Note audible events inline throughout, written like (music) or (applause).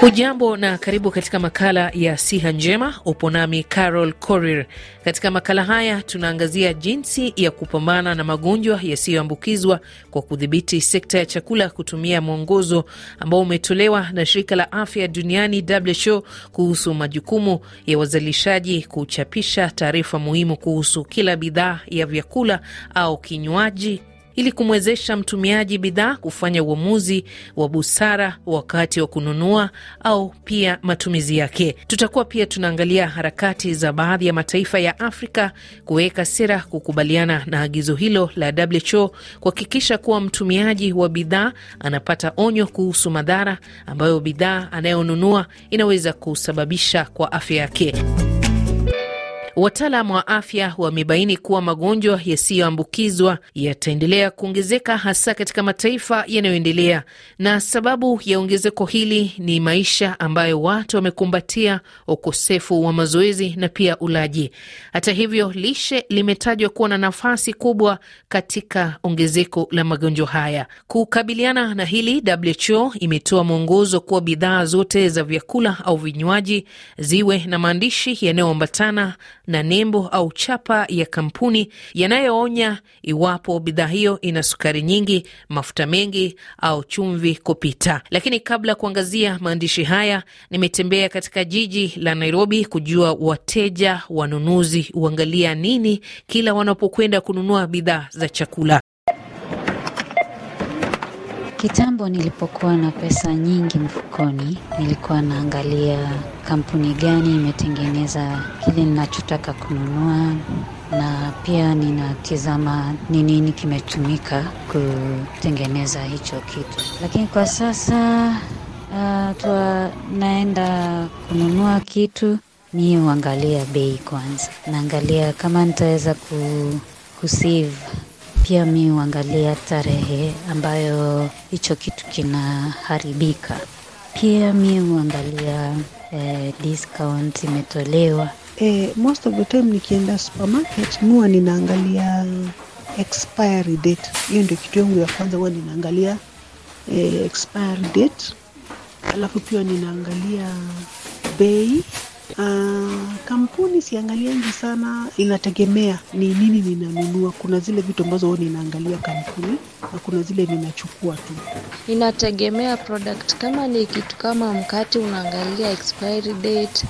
Hujambo na karibu katika makala ya siha njema. Upo nami Carol Korir. Katika makala haya tunaangazia jinsi ya kupambana na magonjwa yasiyoambukizwa kwa kudhibiti sekta ya chakula kutumia mwongozo ambao umetolewa na shirika la afya duniani WHO kuhusu majukumu ya wazalishaji kuchapisha taarifa muhimu kuhusu kila bidhaa ya vyakula au kinywaji ili kumwezesha mtumiaji bidhaa kufanya uamuzi wa busara wakati wa kununua au pia matumizi yake. Tutakuwa pia tunaangalia harakati za baadhi ya mataifa ya Afrika kuweka sera kukubaliana na agizo hilo la WHO kuhakikisha kuwa mtumiaji wa bidhaa anapata onyo kuhusu madhara ambayo bidhaa anayonunua inaweza kusababisha kwa afya yake wataalam wa afya wamebaini kuwa magonjwa yasiyoambukizwa yataendelea kuongezeka hasa katika mataifa yanayoendelea, na sababu ya ongezeko hili ni maisha ambayo watu wamekumbatia ukosefu wa mazoezi na pia ulaji. Hata hivyo, lishe limetajwa kuwa na nafasi kubwa katika ongezeko la magonjwa haya. Kukabiliana na hili, WHO imetoa mwongozo kuwa bidhaa zote za vyakula au vinywaji ziwe na maandishi yanayoambatana na nembo au chapa ya kampuni yanayoonya iwapo bidhaa hiyo ina sukari nyingi, mafuta mengi au chumvi kupita. Lakini kabla ya kuangazia maandishi haya, nimetembea katika jiji la Nairobi kujua wateja wanunuzi huangalia nini kila wanapokwenda kununua bidhaa za chakula. Kitambo nilipokuwa na pesa nyingi mfukoni, nilikuwa naangalia kampuni gani imetengeneza kile ninachotaka kununua, na pia ninatizama ni nini kimetumika kutengeneza hicho kitu. Lakini kwa sasa uh, naenda kununua kitu, mi huangalia bei kwanza, naangalia kama nitaweza ku, kusave pia mi huangalia tarehe ambayo hicho kitu kinaharibika. Pia mi huangalia eh, discount imetolewa. Eh, most of the time nikienda supermarket mua ninaangalia expiry date. Hiyo ndio kitu yangu ya kwanza, huwa ninaangalia eh, expiry date, alafu pia ninaangalia bei Uh, kampuni siangaliangi sana, inategemea ni nini ninanunua. Kuna zile vitu ambazo huwa ninaangalia kampuni na kuna zile ninachukua tu, inategemea product. Kama ni kitu kama mkate, unaangalia expiry date,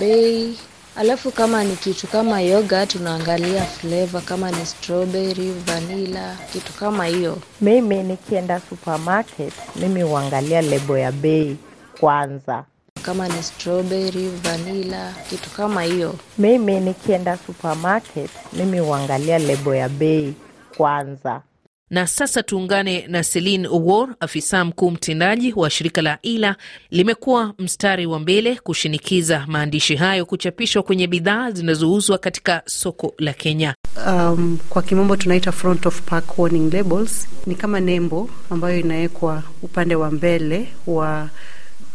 bei Alafu kama ni kitu kama yoga unaangalia flavor, kama ni strawberry, vanilla, kitu kama hiyo. Mimi nikienda supermarket, mimi huangalia lebo ya bei kwanza, kama ni strawberry, vanilla, kitu kama hiyo. Mimi nikienda supermarket, mimi huangalia lebo ya bei kwanza. Na sasa tuungane na Celine Owor, afisa mkuu mtendaji wa shirika la ILA. Limekuwa mstari wa mbele kushinikiza maandishi hayo kuchapishwa kwenye bidhaa zinazouzwa katika soko la Kenya. Um, kwa kimombo tunaita front of pack warning labels. Ni kama nembo ambayo inawekwa upande wa mbele wa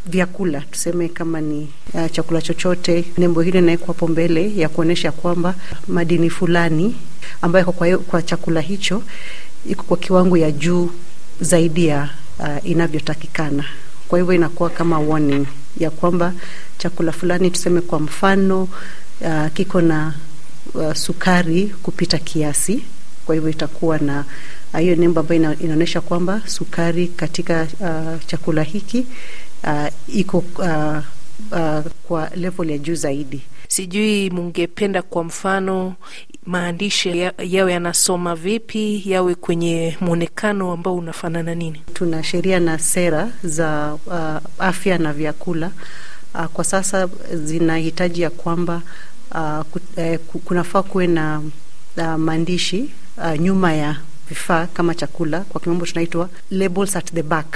vyakula tuseme kama ni uh, chakula chochote, nembo hilo inawekwa hapo mbele ya kuonyesha kwamba madini fulani ambayo kwa, kwa chakula hicho iko kwa kiwango ya juu zaidi ya uh, inavyotakikana. Kwa hivyo inakuwa kama warning ya kwamba chakula fulani tuseme kwa mfano uh, kiko na uh, sukari kupita kiasi. Kwa hivyo itakuwa na hiyo nembo ambayo inaonyesha kwamba sukari katika uh, chakula hiki uh, iko uh, uh, kwa level ya juu zaidi. Sijui mungependa kwa mfano maandishi ya, yawe yanasoma vipi, yawe kwenye mwonekano ambao unafanana nini? Tuna sheria na sera za uh, afya na vyakula uh, kwa sasa zinahitaji ya kwamba uh, eh, kunafaa kuwe na uh, maandishi uh, nyuma ya vifaa kama chakula, kwa kimombo tunaitwa labels at the back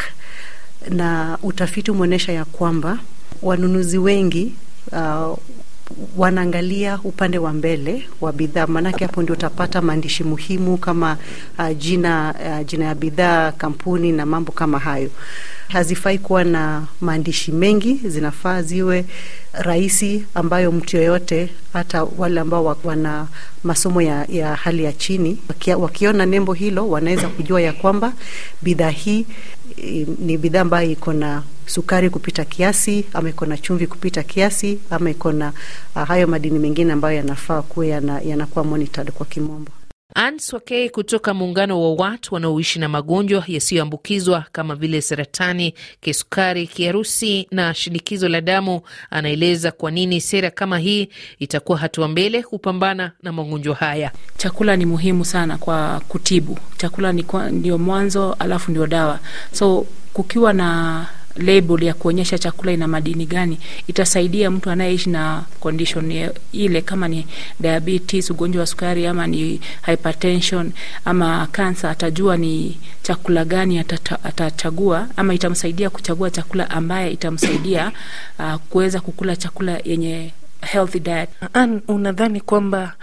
na utafiti umeonyesha ya kwamba wanunuzi wengi uh, wanaangalia upande wa mbele wa bidhaa, maanake hapo ndio utapata maandishi muhimu kama uh, jina uh, jina ya bidhaa, kampuni na mambo kama hayo. Hazifai kuwa na maandishi mengi, zinafaa ziwe rahisi ambayo mtu yoyote hata wale ambao wana masomo ya, ya hali ya chini wakiona nembo hilo wanaweza kujua ya kwamba bidhaa hii ni bidhaa ambayo iko na sukari kupita kiasi ama iko na chumvi kupita kiasi ama iko na uh, hayo madini mengine ambayo yanafaa kuwa yanakuwa yana monitored kwa kimombo. Anne Swakei kutoka muungano wa watu wanaoishi na magonjwa yasiyoambukizwa kama vile saratani, kisukari, kiharusi na shinikizo la damu, anaeleza kwa nini sera kama hii itakuwa hatua mbele kupambana na magonjwa haya. Chakula ni muhimu sana kwa kutibu. Chakula ndio mwanzo, alafu ndio dawa. So kukiwa na label ya kuonyesha chakula ina madini gani, itasaidia mtu anayeishi na condition ile, kama ni diabetes, ugonjwa wa sukari, ama ni hypertension ama kansa, atajua ni chakula gani atachagua ama itamsaidia kuchagua chakula ambaye itamsaidia uh, kuweza kukula chakula yenye healthy diet. An, unadhani kwamba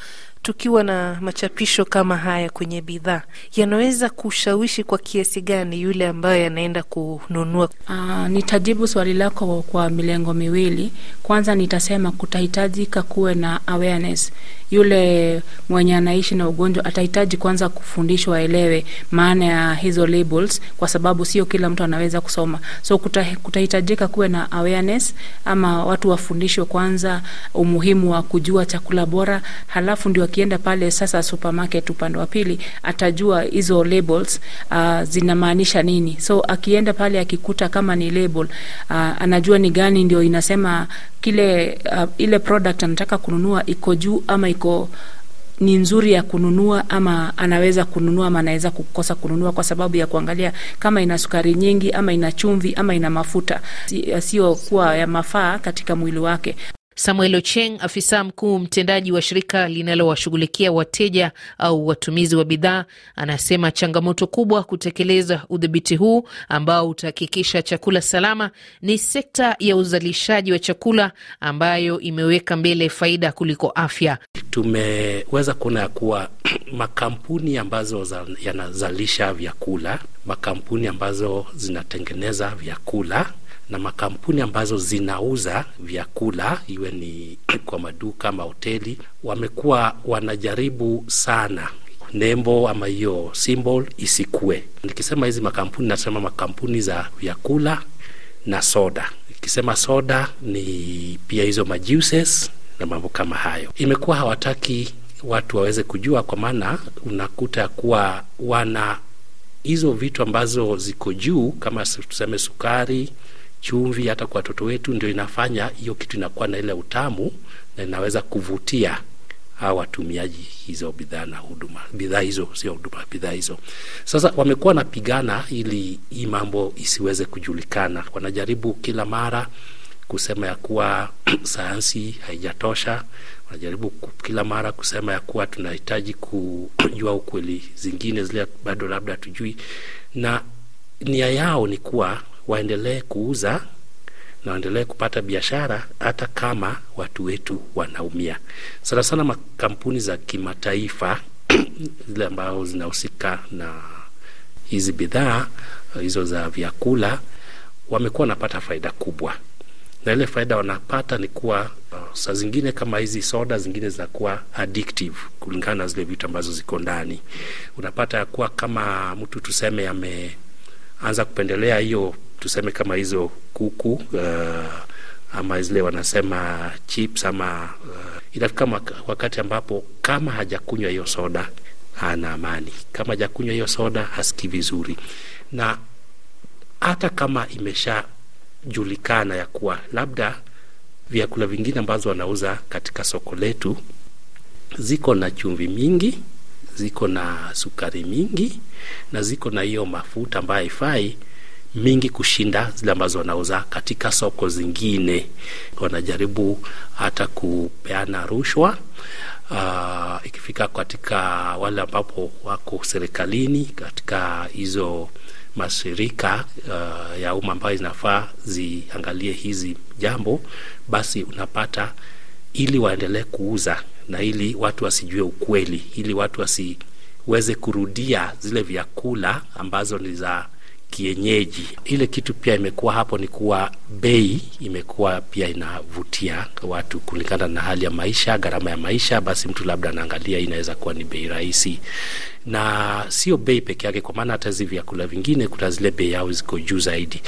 tukiwa na machapisho kama haya kwenye bidhaa yanaweza kushawishi kwa kiasi gani yule ambaye anaenda kununua? Aa, ah, nitajibu swali lako kwa milengo miwili. Kwanza nitasema kutahitajika kuwe na awareness yule mwenye anaishi na ugonjwa atahitaji kwanza kufundishwa aelewe maana ya hizo labels, kwa sababu sio kila mtu anaweza kusoma. So kutahitajika kuta kuwe na awareness ama watu wafundishwe kwanza umuhimu wa kujua chakula bora, halafu ndio akienda pale sasa supermarket upande wa pili atajua hizo labels uh, zinamaanisha nini. So akienda pale akikuta kama ni label uh, anajua ni gani ndio inasema kile uh, ile product anataka kununua iko juu ama iko iko ni nzuri ya kununua ama anaweza kununua ama anaweza kukosa kununua kwa sababu ya kuangalia kama ina sukari nyingi ama ina chumvi ama ina mafuta yasiyokuwa ya mafaa katika mwili wake. Samuel Ocheng, afisa mkuu mtendaji wa shirika linalowashughulikia wateja au watumizi wa bidhaa, anasema changamoto kubwa kutekeleza udhibiti huu ambao utahakikisha chakula salama ni sekta ya uzalishaji wa chakula ambayo imeweka mbele faida kuliko afya. Tumeweza kuona ya kuwa (clears throat) makampuni ambazo yanazalisha vyakula, makampuni ambazo zinatengeneza vyakula na makampuni ambazo zinauza vyakula, iwe ni (clears throat) kwa maduka, mahoteli, wamekuwa wanajaribu sana nembo ama hiyo symbol isikue. Nikisema hizi makampuni, nasema makampuni za vyakula na soda. Nikisema soda ni pia hizo majuices na mambo kama hayo. Imekuwa hawataki watu waweze kujua, kwa maana unakuta kuwa wana hizo vitu ambazo ziko juu kama tuseme sukari chumvi hata kwa watoto wetu, ndio inafanya hiyo kitu inakuwa na ile utamu na inaweza kuvutia hawa watumiaji hizo bidhaa na huduma, bidhaa hizo, sio huduma, bidhaa hizo. Sasa wamekuwa wanapigana ili hii mambo isiweze kujulikana. Wanajaribu kila mara kusema ya kuwa (clears throat) sayansi haijatosha, wanajaribu kila mara kusema ya kuwa tunahitaji kujua ukweli zingine zile bado labda hatujui, na nia yao ni kuwa waendelee kuuza na waendelee kupata biashara hata kama watu wetu wanaumia. Sana sana makampuni za kimataifa (clears throat) zile ambazo zinahusika na hizi bidhaa eh, hizo za vyakula wamekuwa wanapata faida kubwa, na ile faida wanapata ni kuwa eh, saa zingine kama hizi soda zingine zinakuwa addictive kulingana na zile vitu ambazo ziko ndani. Unapata ya kuwa kama mtu tuseme ameanza kupendelea hiyo tuseme kama hizo kuku uh, ama zile wanasema chips ama uh, inafika wakati ambapo kama hajakunywa hiyo soda ana amani, kama hajakunywa hiyo soda hasiki vizuri, na hata kama imeshajulikana ya kuwa labda vyakula vingine ambazo wanauza katika soko letu ziko na chumvi mingi, ziko na sukari mingi na ziko na hiyo mafuta ambayo haifai mingi kushinda zile ambazo wanauza katika soko zingine. Wanajaribu hata kupeana rushwa. Uh, ikifika katika wale ambapo wako serikalini katika hizo mashirika uh, ya umma ambayo zinafaa ziangalie hizi jambo, basi unapata ili waendelee kuuza na ili watu wasijue ukweli, ili watu wasiweze kurudia zile vyakula ambazo ni za kienyeji. Ile kitu pia imekuwa hapo ni kuwa bei imekuwa pia inavutia watu kulingana na hali ya maisha, gharama ya maisha, basi mtu labda anaangalia inaweza kuwa ni bei rahisi, na sio bei peke yake, kwa maana hata hizi vyakula vingine kuna zile bei yao ziko juu zaidi.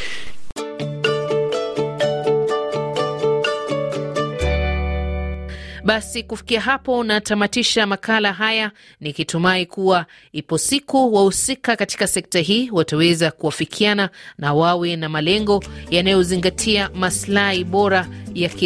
Basi kufikia hapo natamatisha makala haya nikitumai kuwa ipo siku wahusika katika sekta hii wataweza kuwafikiana na wawe na malengo yanayozingatia maslahi bora ya kila